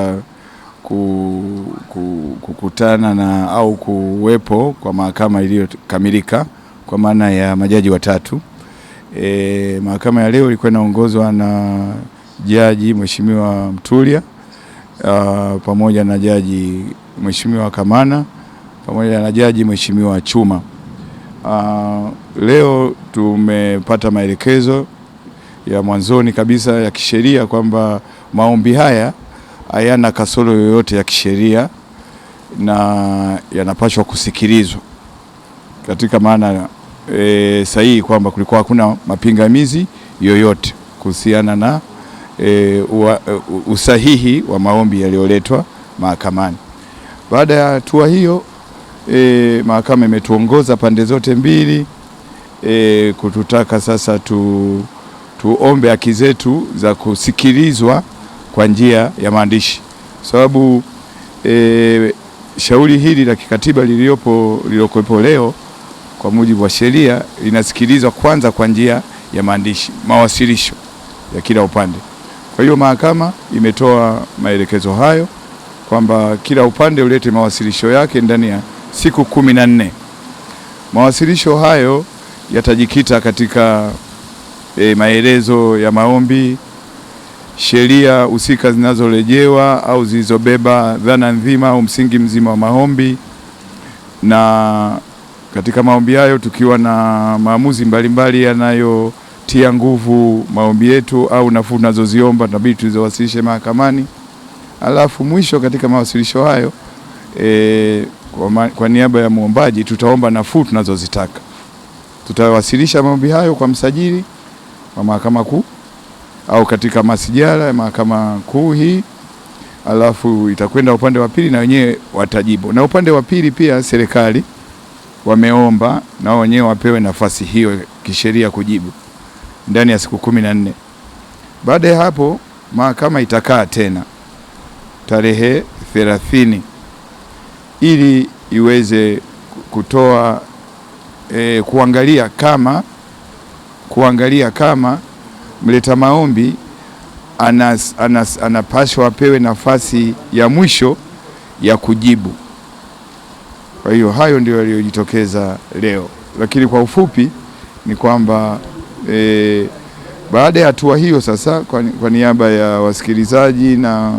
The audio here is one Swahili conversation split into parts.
ya kukutana na au kuwepo kwa mahakama iliyokamilika kwa maana ya majaji watatu. E, mahakama ya leo ilikuwa inaongozwa na jaji Mheshimiwa Mtulia uh, pamoja na jaji Mheshimiwa Kamana pamoja na jaji Mheshimiwa Chuma. Uh, leo tumepata maelekezo ya mwanzoni kabisa ya kisheria kwamba maombi haya hayana kasoro yoyote ya kisheria na yanapaswa kusikilizwa katika maana e, sahihi kwamba kulikuwa hakuna mapingamizi yoyote kuhusiana na e, ua, usahihi wa maombi yaliyoletwa mahakamani. Baada ya hatua hiyo e, mahakama imetuongoza pande zote mbili e, kututaka sasa tu, tuombe haki zetu za kusikilizwa kwa njia ya maandishi, sababu e, shauri hili la kikatiba liliopo lililokuwepo leo kwa mujibu wa sheria linasikilizwa kwanza kwa njia ya maandishi, mawasilisho ya kila upande. Kwa hiyo mahakama imetoa maelekezo hayo kwamba kila upande ulete mawasilisho yake ndani ya siku kumi na nne. Mawasilisho hayo yatajikita katika e, maelezo ya maombi sheria husika zinazorejewa au zilizobeba dhana nzima au msingi mzima wa maombi, na katika maombi hayo tukiwa na maamuzi mbalimbali yanayotia nguvu maombi yetu au nafuu tunazoziomba tunabidi tulizowasilishe mahakamani. Alafu mwisho katika mawasilisho hayo e, kwa, ma, kwa niaba ya mwombaji tutaomba nafuu tunazozitaka. Tutawasilisha maombi hayo kwa msajili wa Mahakama Kuu au katika masijara ya mahakama kuu hii, alafu itakwenda upande wa pili na wenyewe watajibu, na upande wa pili pia serikali wameomba na wenyewe wapewe nafasi hiyo kisheria kujibu ndani ya siku kumi na nne. Baada ya hapo mahakama itakaa tena tarehe thelathini ili iweze kutoa e, kuangalia kama kuangalia kama mleta maombi anas, anas, anapaswa apewe nafasi ya mwisho ya kujibu. Kwa hiyo hayo ndio yaliyojitokeza leo, lakini kwa ufupi ni kwamba e, baada ya hatua hiyo sasa, kwa, kwa niaba ya wasikilizaji na,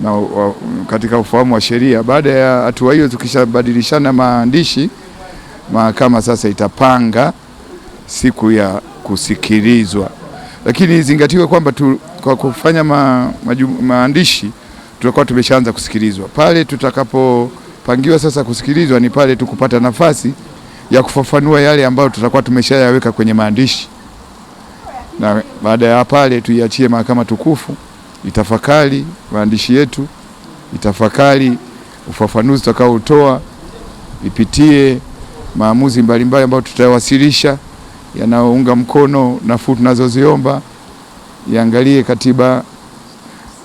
na wa, katika ufahamu wa sheria, baada ya hatua hiyo tukishabadilishana maandishi, mahakama sasa itapanga siku ya kusikilizwa lakini izingatiwe kwamba tu, kwa kufanya ma, maju, maandishi tutakuwa tumeshaanza kusikilizwa. Pale tutakapopangiwa sasa kusikilizwa ni pale tu kupata nafasi ya kufafanua yale ambayo tutakuwa tumeshayaweka kwenye maandishi, na baada ya pale tuiachie mahakama tukufu itafakari maandishi yetu, itafakari ufafanuzi tutakaotoa, ipitie maamuzi mbalimbali ambayo tutayawasilisha yanayounga mkono nafuu tunazoziomba iangalie katiba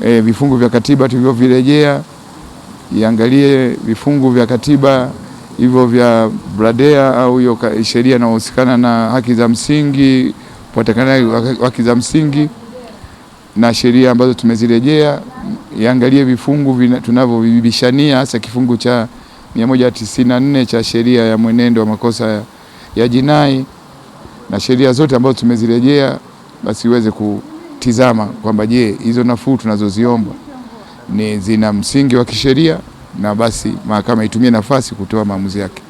e, vifungu vya katiba tulivyovirejea, iangalie vifungu vya katiba hivyo vya bradea au hiyo sheria inayohusikana na haki za msingi, upatikanaji wa haki za msingi na sheria ambazo tumezirejea, iangalie vifungu tunavyovibishania, hasa kifungu cha 194 cha sheria ya mwenendo wa makosa ya, ya jinai na sheria zote ambazo tumezirejea basi iweze kutizama kwamba je, hizo nafuu tunazoziomba ni zina msingi wa kisheria, na basi mahakama itumie nafasi kutoa maamuzi yake.